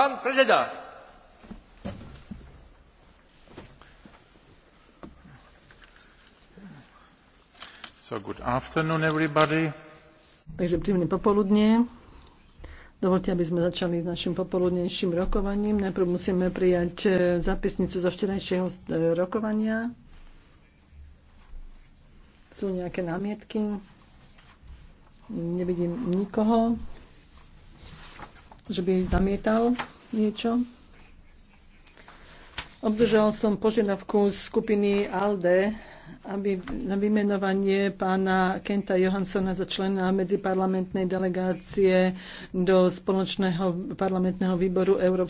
Pán predseda. So good afternoon everybody. Takže príjemné popoludnie. Dovolte, aby sme začali s našim popoludnejším rokovaním. Najprv musíme prijať e, zapisnicu zo včerajšieho e, rokovania. Sú nejaké námietky? Nevidím nikoho, že by namietal niečo. Obdržal som požiadavku skupiny ALDE aby, na vymenovanie pána Kenta Johansona za člena medziparlamentnej delegácie do spoločného parlamentného výboru Európskej